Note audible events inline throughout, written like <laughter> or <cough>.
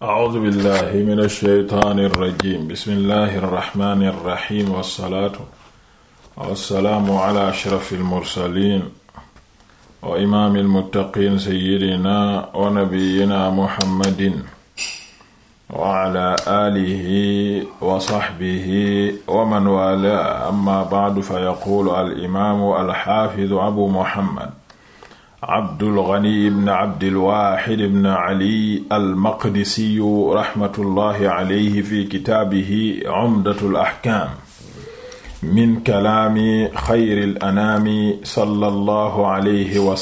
A'uuzu billahi mina shaytaani rajiim bismillahi rahmaani rahiim wasalaatu wasalaamu ala ashrafil mursaliin wa imaamil muttaqiin sayyidina wa nabiyyina muhammadin wa ala aalihi wa sahbihi wa man waalaahu amma ba'du fa yaquulu al imaamu al xaafidu abu muhammad Abdul Ghani ibn Abdil Wahid ibn Ali al-Maqdisi rahmatullahi fi kitaabihi Umdatul Ahkaam min kalaami xayril anaami sallallahu alayhi wa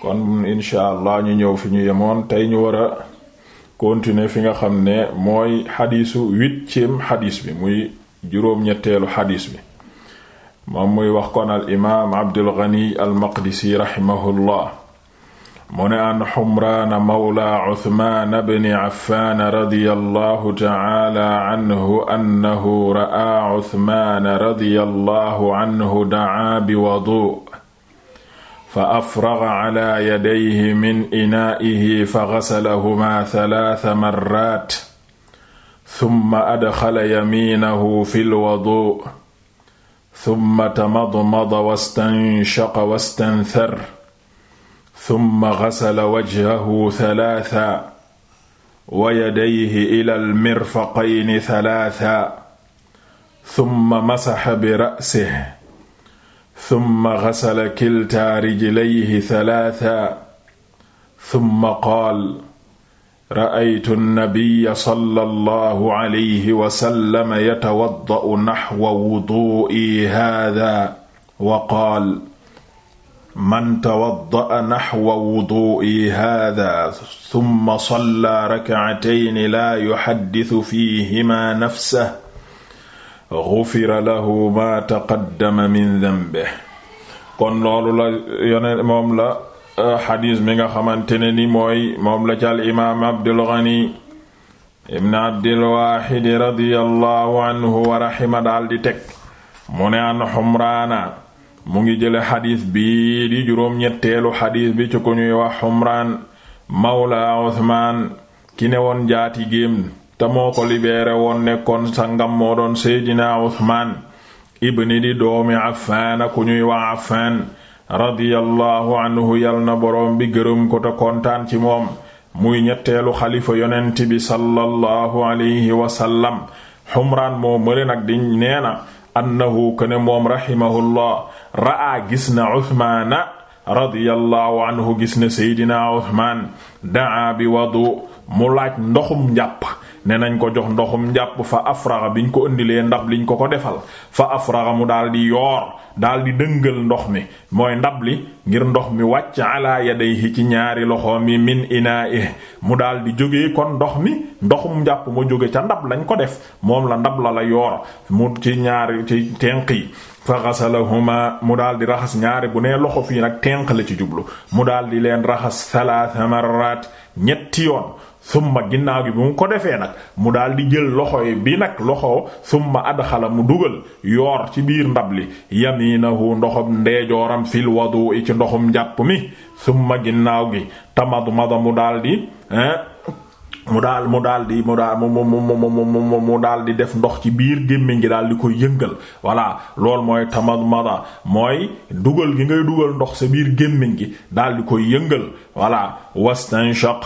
kon incha allah ñu ñëw fi ñu yemoon tey ñu war a continuer fi nga xam ne mooy xadiisu huitième xadiis bi muy juróom-ñetteelu xadiis bi. moom muy wax kon al imaam Abdul Ghani al Maqdisi rahimahullah mu ne an Humraan mawla Usmaan bni Affaan radiyallahu ta'ala anhu annahu ra'a Usmaan radiyallahu anhu da'a biwuduu' fa afraga ala yadayhi min inaa'ihi fa gasalahumaa talaata marraat summa adxala yamiinahu fil wuduu' tumma tamadmada wastanshaqa wastanthar tumma gasala wajhahu talaata wa yadayhi ila almirfaqayni talaata tumma masaxa bi ra'sihi tumma gasala kiltaa rijlayhi talaata tumma qaal ra'aytu nabiyya sallallahu alayhi wa sallam yatawadda'u naxwa wuduu'i haadaa wa qaala man tawadda'a naxwa wuduu'i haadaa summa sallaa rak'atayni laa yuxaddisu fiihimaa nafsahu gufira lahu maa taqaddama min danbihi kon loolu la yone moom la xadiis mi nga xamante ne ni mooy moom la ca al imaam Abdul Ghani ibn Abdil Waaxid radiyallahu anhu wa raxima di teg mu ne an Xumraana mu ngi jële xadiis bi di juróom-ñetteelu xadiis bi ci ku ñuy wax Xumraan mawla Usmaan ki ne woon jaati géem te moo ko libéré woon nekkoon sangam moo doon Seydina Usmaan ibni di doomi Affaan ku ñuy wax Affaan radiyallahu anhu yal na boroom bi gërëm ko te kontaan ci moom muy ñetteelu xalifa yonent bi sallallahu alayhi xumraan moo male di nee na annahu ko ne moom rahimahullah ra'a gis na usmaana radiyallahu anhu gis na seydina usmaan daa bi wadu mu laaj ndoxum njàpp ne nañ ko jox ndoxum njàpp fa afraxa biñ ko indilee ndab liñ ko ko defal fa afraxa mu daal di yoor daal di dëngal ndox mi mooy ndab li ngir ndox mi wàcc ala yadayhi ci ñaari loxo mi min inaa'i mu daal di jógee kon ndox mi ndoxum njàpp ma jóge ca ndab lañ ko def moom la ndab la la yoor mu ci ñaari ci tenq yi fa xasalahuma mu daal di raxas ñaari bu nee loxo fii nag tenq la ci jublu mu daal di leen raxas salaasa marraat ñetti yoon summa ginnaaw gi bi mu ko defee nag mu daldi jël loxo yi bi nag loxo summa adxala mu dugal yoor ci biir ndab li yaminahu ndoxum ndeejooram fil wadu i ci ndoxum njàpp mi summa ginnaaw gi tamadmada mu mu daldi mu daal di mu daal mu def ndox ci biir gémmiñ gi daal di koy yëngal voilà lool mooy tamadmada mooy dugal gi ngay dugal ndox sa biir gémmiñ gi daldi koy yëngal voilà wastanshaq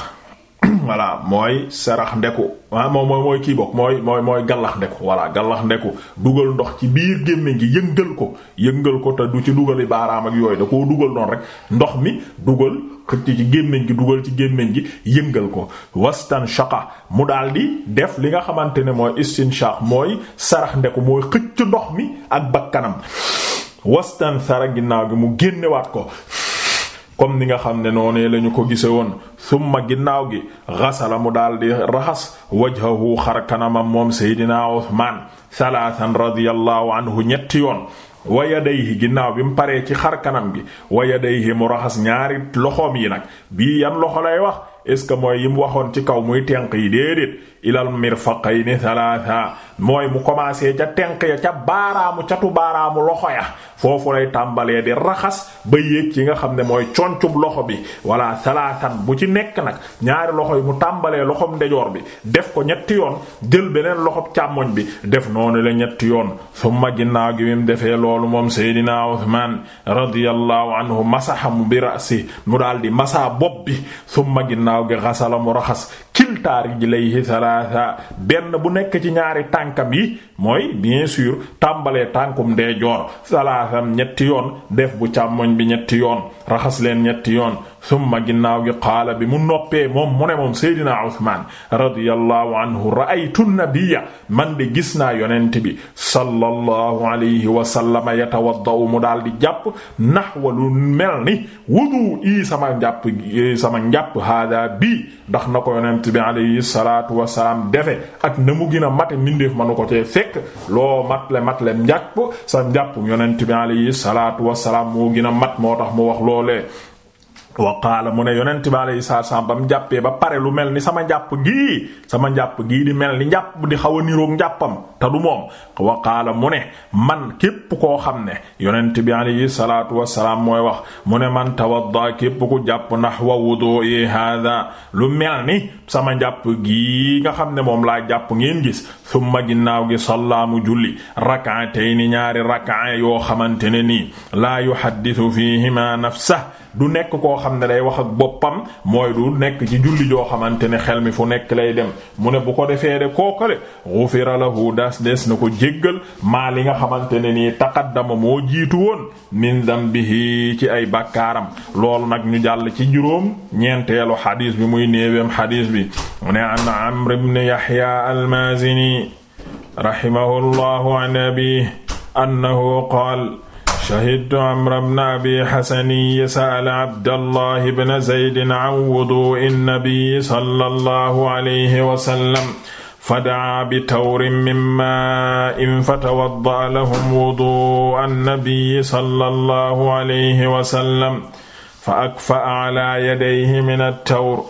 <clears throat> voilà mooy sarax ndeku waa ah, moom mooy mooy kii mooy mooy mooy gallax ndeku voilà gallax ndeku dugal ndox ci biir gémmiñ gi yëngal ko yëngal ko te du ci dugali baaraam ak yooyu da koo dugal noonu rek ndox mi dugal xëcc ci gémmiñ gi dugal ci gémmiñ gi yëngal ko wastan shaqa mu daldi def li nga xamante ne mooy istinshaq mooy sarax ndeku mooy xëcc ndox mi ak bakkanam wastan sara ginnaaw gi mu génnewaat ko comme ni nga xam ne noonee la ñu ko gise woon summa ginnaaw gi xasala mu daal di raxas wajhahu xar kanamam moom seydina Usmaan salaatan radiyallahu anhu ñetti yoon wa yadayhi ginnaaw bi mu paree ci xar kanam gi wa yadayhi mu raxas ñaari loxoom yi nag bii yam loxo lay wax est ce que mooy yi waxoon ci kaw muy tenq yi déedéet ilal mirfaqayni salaata mooy mu commencé ca tenq ya ca baaraamu catu baaraamu loxo ya foofu lay tàmbalee di raxas ba yéeg ci nga xam ne mooy concub loxo bi walla salaatan bu ci nekk nag ñaari loxo yi mu tàmbalee loxom ndejoor bi def ko ñetti yoon jël beneen loxo càmmoñ bi def noonu la ñetti yoon summa ginnaaw gi mu defee loolu moom Seydina Usmaan radiyallahu anhu masahamu bi ra'si mu daal di masa bopp bi summa ginnaaw gi xasala raxas kiltaari ji layhi salaasa benn bu nekk ci ñaari tànkam yi mooy bien sûr tàmbalee tànkum ndeejoor salaasam ñetti yoon def bu càmmoñ bi ñetti yoon raxas leen ñetti yoon summa ginnaaw gi qaala bi mu noppee moom mu ne moom seydina Usmaan radiyallahu anhu ra'aytu nabiyya man de gis naa yonent bi sallallahu alayhi wa sallam yatawadda'u mu daal di jàpp naxwa mel ni wudu ii sama njàpp sama njàpp hada bi ndax na ko yonent bi alayhi salaatu wasalaam defe ak na mu gën a mate mindeef manu ko cee fekk loo le mat matle njàpp sa njàpp yonent bi alayhi salaatu wasalaam moo gina mat moo tax mu wax loolee waqaala mu ne yonent bi alayhi salaam ba mu jàppee ba pare lu mel ni sama njàpp gii sama njàpp gii di mel ni njàpp di xaw a niroog njàppam te du moom waqaala mu ne man képp koo xam ne yonent bi alayhi salaatu wassalaam mooy wax mu ne man tawadda képp ku jàpp nahwa wudu'i hada lu mel ni sama njàpp gii nga xam ne moom laa jàpp ngeen gis summa ginnaaw gi sallaamu julli rak'atayni ñaari rak'a yoo xamante ne nii laa yuhaddithu fiihima nafsahu du nekk koo xam ne day wax ak boppam mooy du nekk ci julli joo xamante ne xel mi fu nekk lay dem mu ne bu ko defee de kookale ghufira lahu das des na ko jéggal maa li nga xamante ne nii taqaddama moo jiitu woon min dambihi ci ay bakkaaram loolu nag ñu jàll ci juróom ñeenteelu xadiis bi muy néeweem xadiis bi mu ne an amr ibn yahya al-mazini rahimahu llahu an abihi annahu qaala shahidtu amra bna abi xasani sa'ala abdallah bna zaydin an wudu'i nabi sallallahu alayhi wa sallam fada'a bi tawrin min maa'in fatawadda'a lahum wudu'a nabi sallallahu alayhi wa sallam fa akfa'a ala yadayhi min at-tawr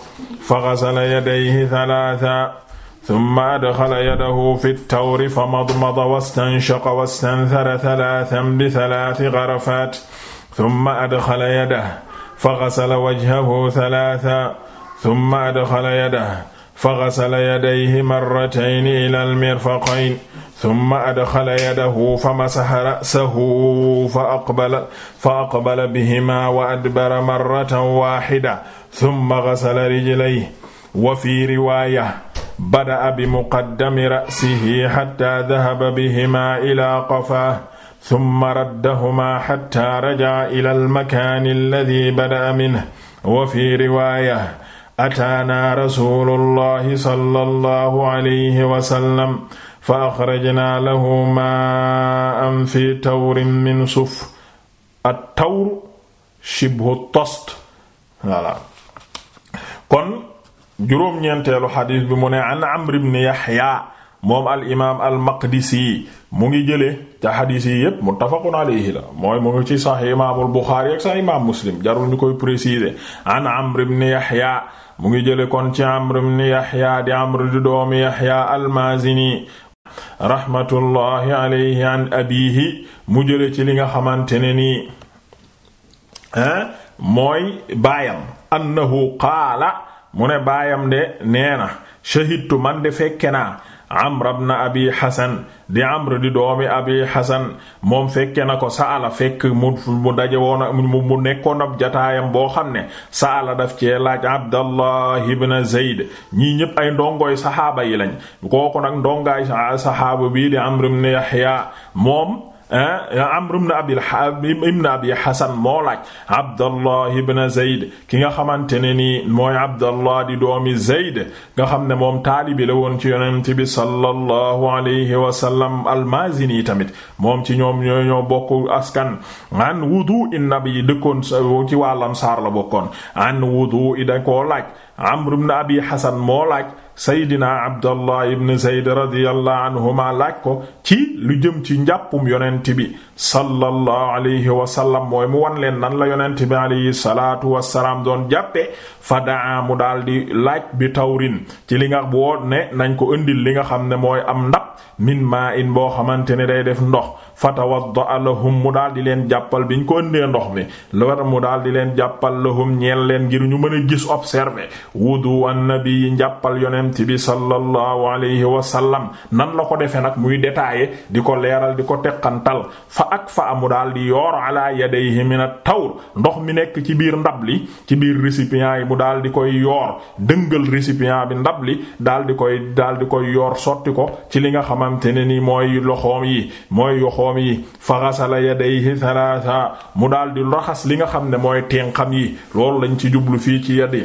fa ghasala yadayhi thalaathan summa adxala yadahu fi tawri fa madmada wastanshaqa wastanthara thalaathan bi thalaati gharafaat summa adxala yadahu fa ghasala wajhahu thalaathan summa adxala yadahu fa ghasala yadayhi marratayni ilal mirfaqayni summa adxala yadahu fa masaha ra'sahu fa aqbala fa aqbala bihimaa wa adbara marratan waahidatan summa ghasala rijlayhi wa fii riwaaya bada'a bi muqaddami ra'sihi xatta dahaba bihimaa ilaa qafaa summa raddahumaa xatta raja'a ilal makaani alladii bada'a minhu wa fi riwaaya ataanaa rasuulullahi sallallahu alayhi wa sallam fa axrajnaa lahu maa'an fi tawrin min suf at-tawr shibhu tost voilà kon juróom-ñeenteelu xadiis bi mu ne an Amr ibn Yahya moom al imaam al Maqdisi mu ngi jëlee ca xadiis yi yépp muttafaqun alayhi la mooy mu ngi ci Sahih imaamul Buxaari ak Sahih imaam Muslim jarul ñu koy préciser Amr ibn Yahya mu ngi jële kon ci Amr ibn Yahya di Amr di doomi Yahya al-Maazini rahmatullahi alayhi an abiihi mu jëlee ci li nga xamante ne nii mooy baayam annahu qaala mu ne baayam de nee na shahidtu man de fekke naa amr ibn abi hasan di amr di doomi abi hasan moom fekke na ko saala fekk mu mu daje woona mu nekkoon ab jataayam boo xam ne saala daf cee laaj abdallah ibn zayd ñii ñépp ay ndongoy saxaaba yi lañ kooku nag ndongaay saxaaba bii di amr ibn yahya moom Eh? Amr ibn Abi ibn Abi Hasan moo laaj Abdallah ibn Zayd ki nga xamante ne nii mooy Abdallah di doomi Zayd nga xam ne moom taalibi la woon ci yonent bi sallallahu alayhi wa sallam al tamit moom ci ñoom ñoo ñoo bokk askan an wudu in nabi dëkkoon ci wàllam saar la bokkoon an wudu da koo laaj Amr ibn Abi Hasan moo laaj Seydina Abdallah ibn Zayd radiyallahu anhuma laaj ko ci lu jëm ci njàppum yonent bi sallallahu alayhi wa mooy mu wan leen nan la yonent bi alayhi salaatu wa doon jàppe fa daa mu daal laaj bi tawrin ci li nga boo ne nañ ko indil li nga xam ne mooy am ndab min maa in boo xamante ne day def ndox fa tawadda lahum mu daal di leen jàppal biñ ko indee ndox mi loolu mu daal di leen jàppal lahum ñeel leen ngir ñu mën a gis observer wudu annabi njàppal yonent bi sallallahu alayhi wa sallam nan la ko defee nag muy détaillé di ko leeral di ko teqantal fa ak fa amu daal di yoor ala yadayhi min at ndox mi nekk ci biir ndab li ci biir récipient yi mu daal di koy yor dëngal récipient bi ndab li daal di koy daal di koy yor sotti ko ci li nga xamante ne ni mooy loxoom yi mooy yoxoom yi fa ghasala yadayhi thalatha mu daal di raxas li nga xam ne mooy tenxam yi loolu lañ ci jublu fii ci ya yadi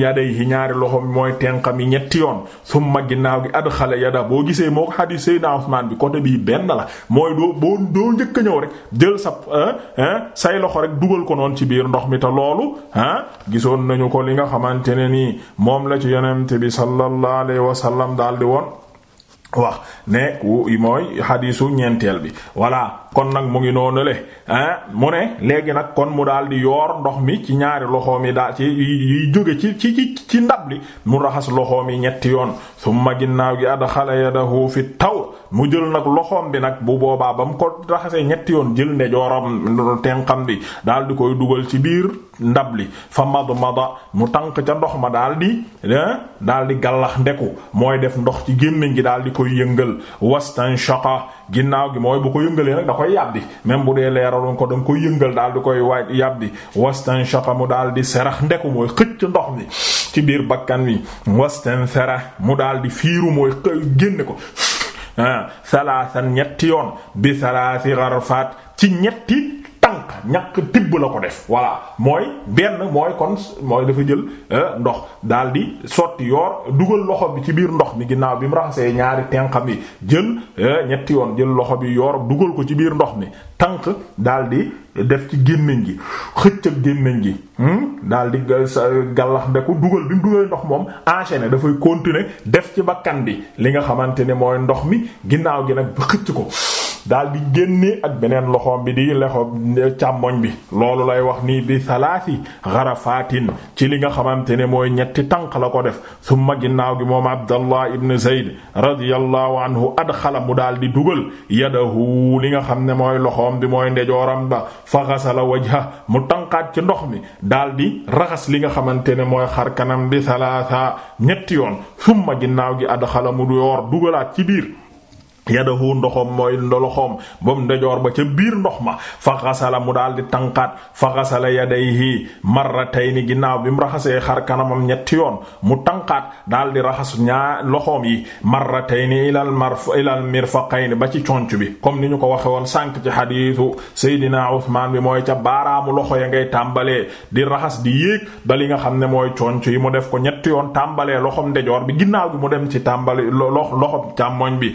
yadayhi ñaari loxoom mooy tenqam yi ñetti yoon summa ginnaaw gi adxala yada boo gisee moo ko xadiis Seydina Usmaan bi côté bii benn la mooy doo boo doo njëkk ñëw rek jël sa say loxo rek dugal ko noonu ci biir ndox mi te loolu ah gisoon nañu ko li nga xamante ne nii moom la ci yonent bi sallallahu alayhi wa sallam daal di woon mooy xadiisu ñeenteel bi voilà kon nag mu ngi noonu le mu ne léegi nag kon mu daal di yoor ndox mi ci ñaari loxoom yi daal ci yiy jóge ci ci ci ndab li mu raxas loxoom yi ñetti yoon summa ginnaaw gi adxala yadahu fi taw mu jël nag loxoom bi nag bu boobaa ba mu ko raxasee ñetti yoon jël ne jooram tenqam bi daal di koy dugal ci biir ndab li fa madmada mu tànk ca ndox ma daal di daal di gàllax ndeku mooy def ndox ci gémmiñ gi daal di koy yëngal wastanshaqa ginnaaw gi mooy bu ko yëngalee nag koy yàbbi même bu dee leeraloon ko da koy yëngal daal di koy waaj yàbbi wastanshaqa mu daal di serax ndeku mooy xëcc ndox mi ci biir bakkan wi wastanthara mu daal di fiiru mooy génn ko ah salaasan ñetti yoon bi salaasi gharfaat ci ñetti tànk ñàkk tibb la ko def voilà mooy benn mooy kon mooy dafa jël euh, ndox daal di sotti yoor dugal loxo bi ci biir ndox mi ginnaaw bi mu raxasee ñaari tenqam yi jël euh, ñetti yoon jël loxo bi yoor dugal ko ci biir ndox mi tànk daal di def ci gémmiñ gi xëcc ak gémmiñ gi hmm? daal di gàllax ndeku dugal bi mu dugalee ndox moom enchaîné dafay continuer def ci bakkan bi li nga xamante ne mooy ndox mi ginnaaw gi nag xëcc ko daal di génne ak beneen loxoom bi di lexo càmmoñ bi loolu lay wax nii bi salaasi garafatin ci li nga xamante ne mooy ñetti tànk la ko def summa ginnaaw gi moom abdallah ibn zayd radiyallahu anhu adxala mu daal di dugal yadahu li nga xam ne mooy loxoom bi mooy ndejooram ba fa xasala wajha mu tànqaat ci ndox mi daal di raxas li nga xamante ne mooy xar kanam bi salaasa ñetti yoon summa ginnaaw gi adxala mu yor dugalaat ci biir yadahu ndoxom mooy ndoloxoom boobu ndejoor ba ca biir ndox ma fa xasala mu daal di tànqaat fa xasala yadayhi marratayni ginnaaw bi mu raxasee xar kanamam ñetti yoon mu tànqaat daal di raxas ñaar loxoom yi marratayni ilal marf ilal mirfaqayni ba ci conc bi comme ni ñu ko waxe woon sànq ci xadiisu Seydina Usmaan bi mooy ca baaraamu loxo ya ngay tàmbalee di raxas di yéeg ba li nga xam ne mooy conc yi mu def ko ñetti yoon tàmbalee loxom ndejoor bi ginnaaw bi mu dem ci tàmbali loxom càmmoñ bi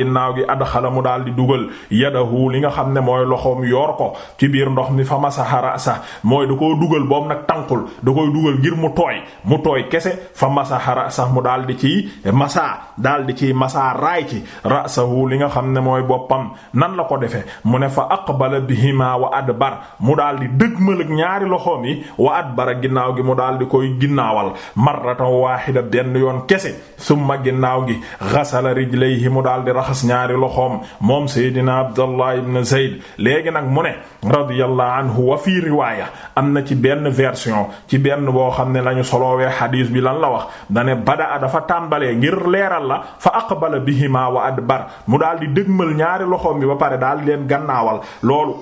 ginnaaw gi adxala mu daal di dugal yadahu li nga xam ne mooy loxoom yoor ko ci biir ndox mi fa masaha sax mooy da koo dugal boob nag tànqul da koy dugal ngir mu tooy mu tooy kese fa masaha sax mu daal di ci masa daal di ci masa raay ci rasahu li nga xam ne mooy boppam nan la ko defee mu ne fa aqbala bihima wa adbar mu daal di dëgmal ñaari loxoom yi wa adbara ginnaaw gi mu daal di koy ginnaawal marratan waahida benn yoon kese summa ginnaaw gi ghasala rijlayhi ñaari loxoom moom Seydina Abdallah ibn Zayd léegi nag mu ne radiyallahu anhu wa fii riwaaya am na ci benn version ci benn boo xam ne lañu soloowee xadiis bi lan la wax dane badaa dafa tàmbalee ngir leeral la fa aqbala bihima wa adbar mu daal di dëgmal ñaari loxoom bi ba pare daal di leen gannaawal loolu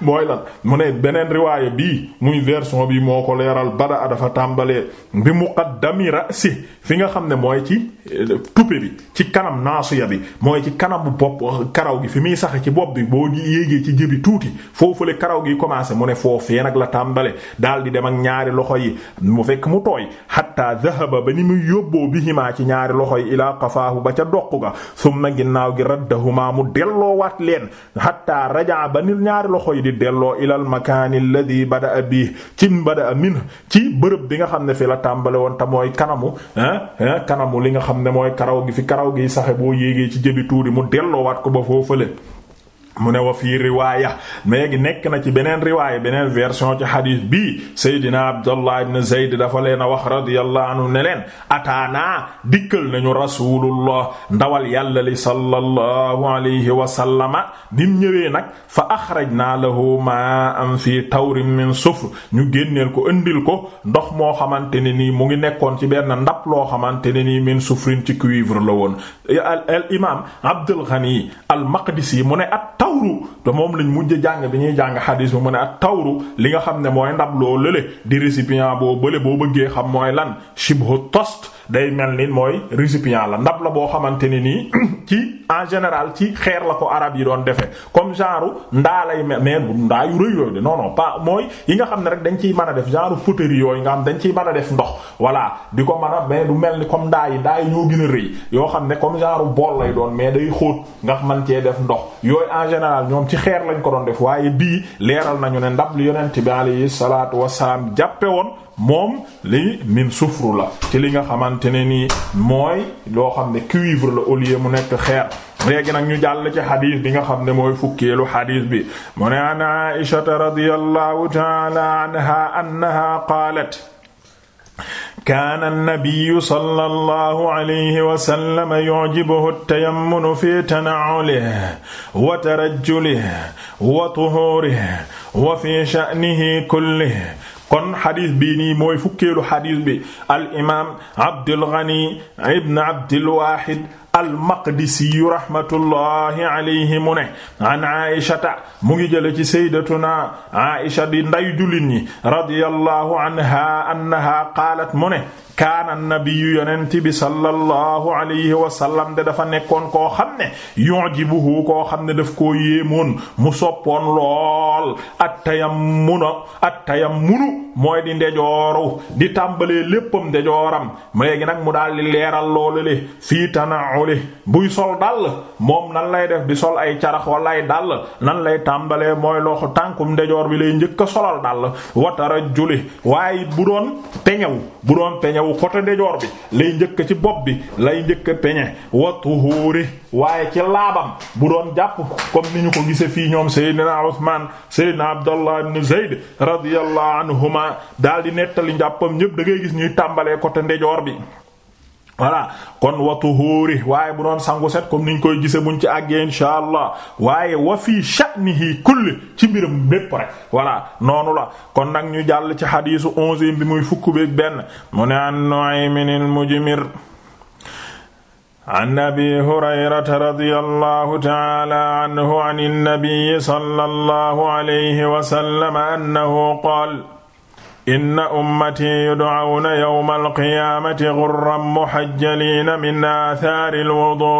mooy lan mu ne beneen riwaaya bii muy version bi moo ko leeral bada a dafa tàmbalee bi muqaddami si fi nga xam ne mooy ci eh, tuppe bi ci kanam naasuya bi mooy ci kanamu bopp karaw gi fi muy saxe ci bopp bi boo yéegee ci jëbi tuuti foofu foofule karaw gi commencé mu ne foofee nag la tàmbale dal di dem ak ñaari loxo yi mu fekk mu tooy hatta dhahaba ba ni muy yóbboo bihimaa ci ñaari loxo yi ilaa qafaahu ba ca doq ga na ginnaaw gi raddahuma mu delloowaat leen koy di delloo ilal makaani alladhi bada'a bi ci bada'a min ci bërëb bi nga xam ne fi la tàmbale woon te mooy kanamu ah kanamu li nga xam ne mooy karaw gi fi karaw gi saxe boo yéegee ci jëbi tuuti mu delloowaat ko ba foofale mu ne wa fii riwaaya léegi nekk na ci beneen riwaaya beneen version ci xadis bi Seydina Abdallah ibn Zayd dafa leen a wax radiyallahu anhu ne leen ataanaa dikkal na nañu rasulullah ndawal yàlla li sallallahu alayhi wa sallama nim ñëwee nag fa axrajnaa lahu am fii tawrin min sufr ñu génneel ko indil ko ndox moo xamante ne nii mu ngi nekkoon ci benn ndap loo xamante ne nii min sufrin ci cuivre la woon al imam Abdul al Maqdisi mu ne at tawru moom lañ mujj jàng bi ñuy jàng xadiis bi mu ne ak tawru li nga xam ne mooy ndab loo lële di récipient boo bële boo bëggee xam mooy lan shibhu tost day mel ni mooy récipient la ndab la boo xamante ne nii <clears throat> ci en général ci xeer la ko arab yi doon defee comme genre ndaa lay mel mais ndaa yu rëy yooyu de non non pas mooy nga xam ne rek dañ ciy mën a def genre poterie yooyu nga xam dañ ciy mën a def ndox voilà di ko mën a mais du mel ni comme ndaa yi ndaa yi ñoo gën a rëy yoo xam ne comme genre bool lay doon mais day xóot nga mën cee def ndox yooyu en général ñoom ci xeer lañ ko doon def waaye bii leeral nañu ne ndab li yonent bi alayhi salaatu wassalaam jàppe woon moom li min sufru la ci li nga xamante ne nii mooy loo xam ne cuivre la au lieu mu nekk xeer léegi nag ñu jàll ci xadis bi nga xam ne mooy fukkeelu xadis bi mu ne an aishata radiyallahu taala anha annaha qaalat kaana nabiyu sallallahu alayhi wa sallam yu'jibuhu at-tayammunu fi tana'ulihi wa tarajjulihi wa tuhuurihi wa fi sha'nihi kullihi kon xadis bii nii mooy fukkeelu xadis bi al imaam Abdul Ghani ibn Abdul Wahid almaqdisiyu rahmatullahi alayhi mu ne an aishata mu ngi jële ci saydatuna aisha di nday jullit ñi radiyallahu anha annaha qaalat mu ne kaana nabiyu yonent bi sallallahu alayhi wa sallam de dafa nekkoon koo xam ne yujibuhu koo xam ne daf koo yéemoon mu soppoon lool at tayammuna at tayammunu mooy di ndejooru di tàmbalee léppam ndejooram léegi nag mu daal di leeral loolu le fii tanauli buy sol dàll moom nan lay def bi sol ay carax wala ay dàll nan lay tàmbalee mooy loxo tànkum ndejoor bi lay njëkk a solal dàll watara juli waaye bu doon peñew bu doon peñew wu côté ndejoor bi lay njëkk ci bopp bi lay njëkk peñe wa tuhuri waaye ci laabam bu doon jàpp comme ni ñu ko gisee fii ñoom Seydina Usmaan Seydina Abdallah ibn Zayd radiyallahu anhuma daal di nettali njàppam ñëpp da ngay gis ñuy tàmbalee côté ndeyoor bi voilà kon wa tuhuri waaye bu doon sangu set comme niñ koy gise buñ ci àggee insha allah waaye wa fii sha'nihi kulli ci mbiram bépp rek noonu la kon nag ñu jàll ci xadiisu onze bi muy fukk beeg benn mu ne an Nu'aymin al-Mujmir an abi hurayrata radiyallahu ta'ala anhu an an-nabi sallallahu alayhi wa sallam annahu qaala inna ummati yud'awna yawma alqiyaamati ghurran muhajjaliina min aathaari alwudu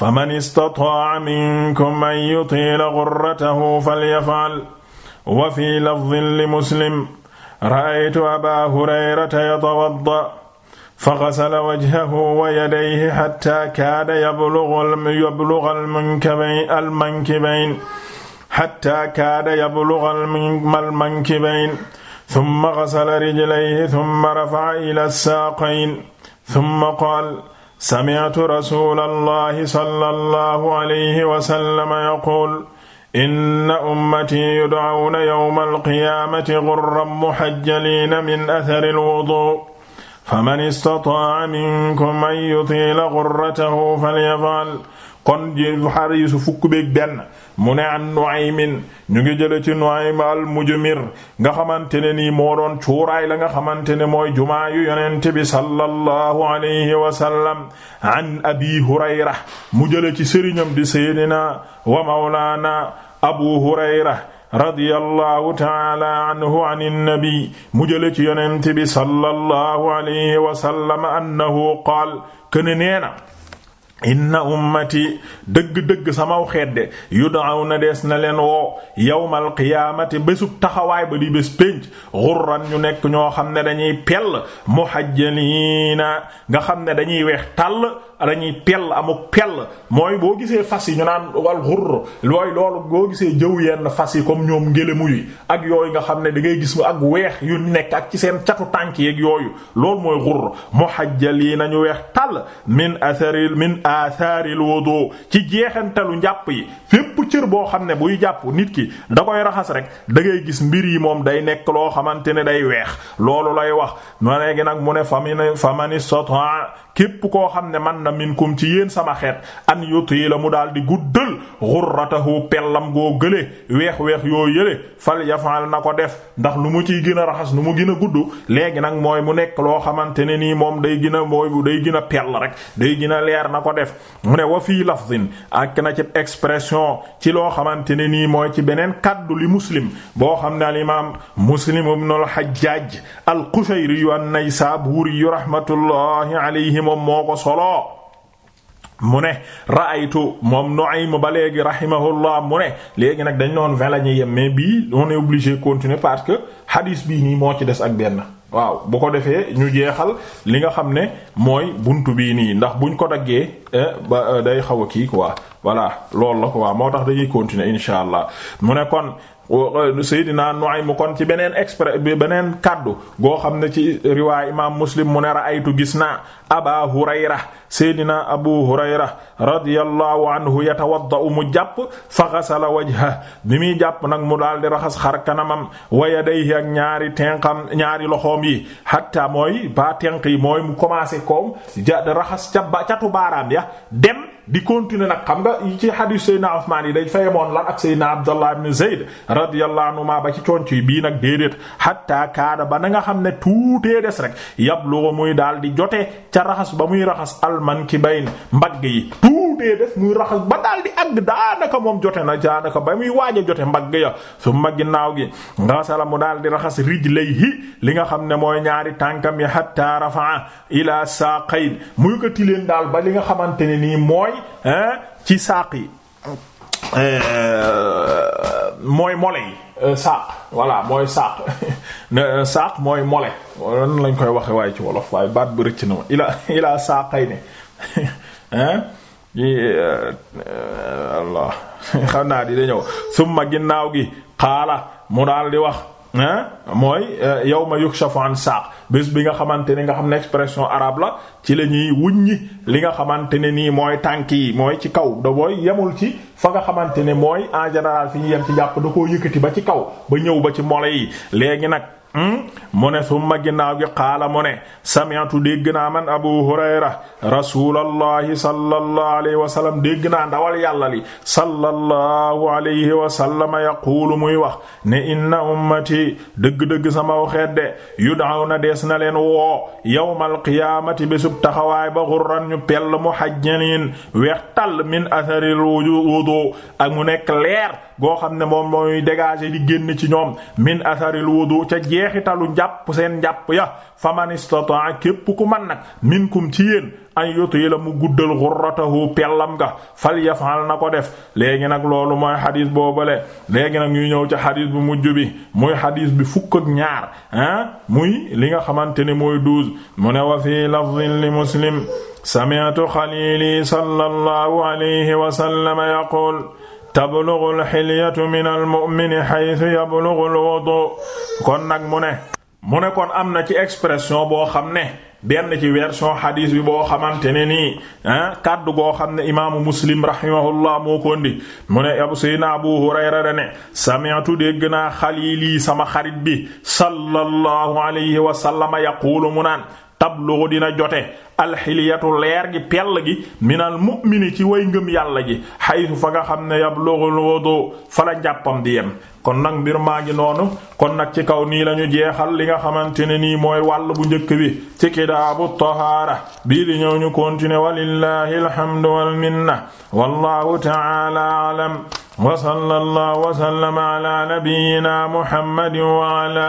faman istataa'a minkum an yutiila ghurratahu falyaf'al wa fi lafdhin li muslim ra'aytu abaa hurayrata yatawadda faghasala wajhahu wa yadayhi hattaa kaada yablugha al-mankibayn hattaa kaada yablugha al-mankibayn tumma xasala rijlayhi tumma rafa'a ila saaqayn tumma qaala sami'tu rasuulallahi sallallahu alayhi wa sallam yaquulu inna ummatii yud'awna yawmal qiyaamati ghurran muhajjaliina min atharil wudu' faman istataa'a minkum an yutiila ghurratahu falyaf'al kon xarisu fukk beeg benn mu ne an Nu'aymin ñu ngi jële ci Nu'aym al-Mujmir nga xamante ne nii moo doon cuuraay la nga xamante ne mooy jumaa yu yonente bi sallallahu alayhi wa sallam an Abi Hurayra mu jële ci sëriñam di taala anhu an innabi mu jële ci yonente bi sallallahu alayhi wa sallam annahu qaal kene neena na ummati dëgg-dëgg samaw xedd yu daaw na des na leen woo yawmal qiyaamati bésub taxawaay ba di bés pénc xurran ñu nekk ñoo xam ne dañuy pell muhajjaliina nga xam ne dañuy weex tàll dañuy pell amuk pell mooy boo gisee fas yi ñu naan wal xurr looy loolu boo gisee jëw yenn fas yi comme ñoom ngélému yi ak yooyu nga xam ne da ngay gis ak weex yu nekk ak ci seen catu tànk yeeg yooyu loolu mooy xurr muhajjali nañu weex tàll min atharil min atharil wudu ci jeexantalu njàpp yi fépp cër boo xam ne buy jàpp nit ki da koy raxas rek da ngay gis mbir yi moom day nekk loo xamante ne day weex loolu lay wax léegi nag mu ne famani famani sota képp koo xam ne man na minkum ci yéen sama xeet an yuti la mu daal di guddal xurratahu pellam goo gële weex-weex yoo yële fal yafal na ko def ndax lu mu ciy gën a raxas nu mu gën a gudd léegi nag mooy mu nekk loo xamante ne nii moom day gën a mooy day gën a pell rek day gën a leer na ko def mu ne wa fii lafdin ak na ci expression ci loo xamante ne nii mooy ci beneen kàddu li muslim boo xam ne al imam muslim ibn al hajjaj al qushayri nay naysaburi rahmatullahi alayhi moom moo ko solo mu ne raaytu moom Nu'aym ba léegi rahimahullah mu ne léegi nag dañ noon vingt la ñuy yem mais bii on obligé continuer parce que hadis bii nii moo ci des ak benn waaw bu ko defee ñu jeexal li nga xam ne mooy bunt bii nii ndax buñ ko daggee eh, ba eh, day xaw a kii quoi voilà loolu la ko quoi moo tax dañuy continuer insha allah mu ne kon Seydina Nuaym kon ci beneen exprès beneen kaddu goo xam ne ci riwaay imaam Muslim mu ne ra'aytu gis naa Aba Hurayra Seydina Abu Hurayra radiyallahu anhu yatawadda'u mu jàpp fa wajha bi muy jàpp nag mu daal di raxas xar kanamam wa yadayhi ak ñaari tenqam ñaari loxoom yi hatta mooy ba tenq yi mooy mu commencé koom ja catu baaraam ya dem. di continuer nag xam nga ci xadiis Seydina Usmaan yi day fa moon la ak Seydina Abdallah ibn Zayd radiyallahu anhuma ba ci conc yi bii nag déedéet hatta kaada ba na nga xam ne tuutee des rek yablu muy daal di jote ca raxas ba muy raxas almankibayn mbagg yi dee def muy raxas ba daal di àgg daanaka moom jote na daanaka ba muy waaj a jote mbagg ya su mbagg naaw gi ngasala mu daal di raxas rijlayhi li nga xam ne mooy ñaari tànkam yi hatta ila saqayn muy ko tileen daal ba li nga xamante ne nii mooy ci saaq yi euh, mooy mole yi euh, saaq voilà mooy saaq <laughs> euh, saaq mooy mole lan lañ koy waxe waaye ci wolof waaye baat bu rëcc na ma ila ila saaqay <laughs> ne Eh, eh, allah <laughs> xam naa di da ñëw summa ginnaaw gi xaala mu daal di wax mooy eh, yawma yukshafu an saaq bis bi nga xamante ne nga xam ne expression arabe la ci la ñuy wuññi li nga xamante ne nii mooy tànk yi mooy ci kaw da booy yemul ci fa nga xamante ne mooy en général fi ñu yem ci jàpp da koo yëkkati ba ci kaw ba ñëw ba ci mole yi léegi nag Hmm? mu ne summa ginnaaw gi qaala mu ne sami'tu dégg naa man abu hurayra rasulallahi sallallahu alayhi wa sallam dégg naa ndawal yàlla li sallallahu alayhi wa sallam yaquulu muy wax ne inna ummati dëgg-dëgg sama waxeet de yud'awna dees na leen woo yawmal qiyaamati bésub taxawaay ba xurran ñu pell mu hajjaniin weex tàll min atharil wudu ak mu nekk leer goo xam ne moom mooy dégager di génn ci ñoom min atharil wudu ca jeexitalu njàpp seen njàpp ya faman istata'a képp ku man nag minkum ci yéen an yuti la mu guddal xurratahu pellam nga fal yafal na ko def léegi nag loolu mooy xadis boobale léegi nag ñuy ñëw ci xadis bu mujj bi mooy xadis bi fukk ak ñaar ah muy li nga xamante ne mooy douze mu ne wa fii lafdin li muslim sami'tu xalili sallallahu alayhi wa sallam yaqul tablugu alxilyatu min almumini xaytu yablugu alwudu kon nag mu ne mu kon am na ci expression boo xam ne benn ci version hadis bi boo xamante ne nii ah kaddu goo xam ne imaamu muslim rahimahullah moo ko ndi mu ne abu sayna abu hurayra da ne sami'tu dégg sama xarit bi sallallahu alayhi wa sallama yaqulu mu naan tablugu dina jote alxiliyatu leer gi pell gi minal mu'mini ci way ngëm yàlla ji xaytu fa nga xam ne yablugul wudu fa la njàppam di kon nag mbir maa ngi noonu kon nag ci kaw nii la ñu jeexal li nga xamante ne nii mooy wàll bu njëkk bi ci kitaabu tahaara bii di ñëw ñu walillahi alhamdu wal minna a'lam wa sallallahu wa sallama ala nabiyyina muhammadin wa ala